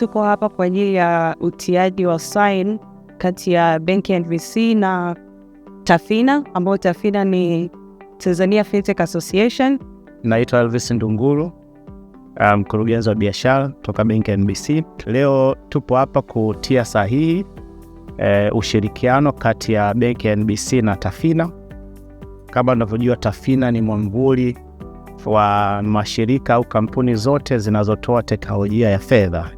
tuko hapa kwa ajili ya utiaji wa sin kati ya benki ya NVC na TAFINA ambayo TAFINA ni Tanzania Fintech Association. Naitwa Elvis Ndunguru, uh, mkurugenzi um, wa biashara toka benki NBC. Leo tupo hapa kutia sahihi e, ushirikiano kati ya benki ya NBC na TAFINA. Kama unavyojua, TAFINA ni mwamvuli wa mashirika au kampuni zote zinazotoa teknolojia ya fedha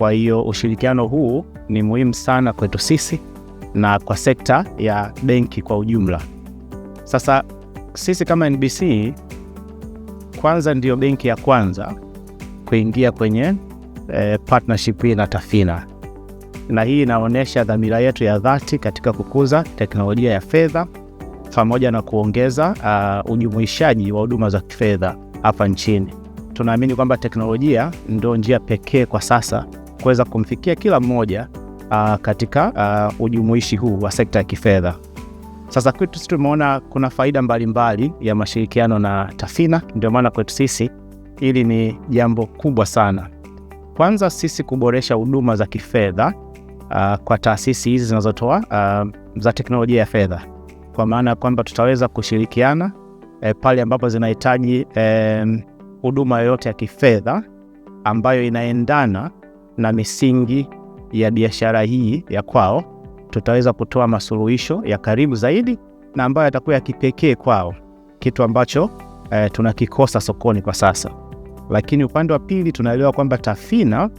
kwa hiyo ushirikiano huu ni muhimu sana kwetu sisi na kwa sekta ya benki kwa ujumla. Sasa sisi kama NBC kwanza ndiyo benki ya kwanza kuingia kwenye eh, partnership hii na Tafina, na hii inaonyesha dhamira yetu ya dhati katika kukuza teknolojia ya fedha pamoja na kuongeza uh, ujumuishaji wa huduma za kifedha hapa nchini. Tunaamini kwamba teknolojia ndio njia pekee kwa sasa kuweza kumfikia kila mmoja uh, katika uh, ujumuishi huu wa sekta ya kifedha. Sasa kwetu sisi tumeona kuna faida mbalimbali mbali ya mashirikiano na Tafina, ndio maana kwetu sisi hili ni jambo kubwa sana. Kwanza sisi kuboresha huduma za kifedha uh, kwa taasisi hizi zinazotoa uh, za teknolojia ya fedha, kwa maana ya kwamba tutaweza kushirikiana eh, pale ambapo zinahitaji eh, huduma eh, yoyote ya kifedha ambayo inaendana na misingi ya biashara hii ya kwao, tutaweza kutoa masuluhisho ya karibu zaidi na ambayo yatakuwa ya kipekee kwao, kitu ambacho eh, tunakikosa sokoni kwa sasa. Lakini upande wa pili tunaelewa kwamba Tafina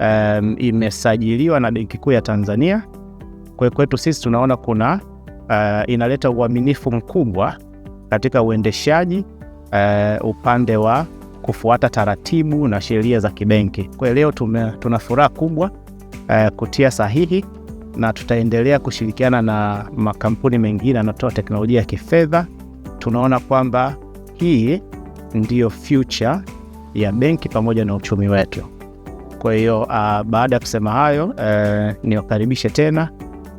um, imesajiliwa na Benki Kuu ya Tanzania. Kwa kwetu sisi tunaona kuna uh, inaleta uaminifu mkubwa katika uendeshaji uh, upande wa kufuata taratibu na sheria za kibenki. Kwa leo tume, tuna furaha kubwa uh, kutia sahihi na tutaendelea kushirikiana na makampuni mengine yanatoa teknolojia ya kifedha. Tunaona kwamba hii ndiyo future ya benki pamoja na uchumi wetu. Kwa hiyo uh, baada ya kusema hayo uh, niwakaribishe tena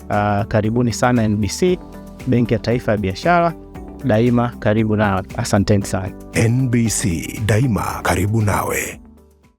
uh, karibuni sana NBC, benki ya taifa ya biashara daima karibu nawe. Asanteni sana. NBC daima karibu nawe.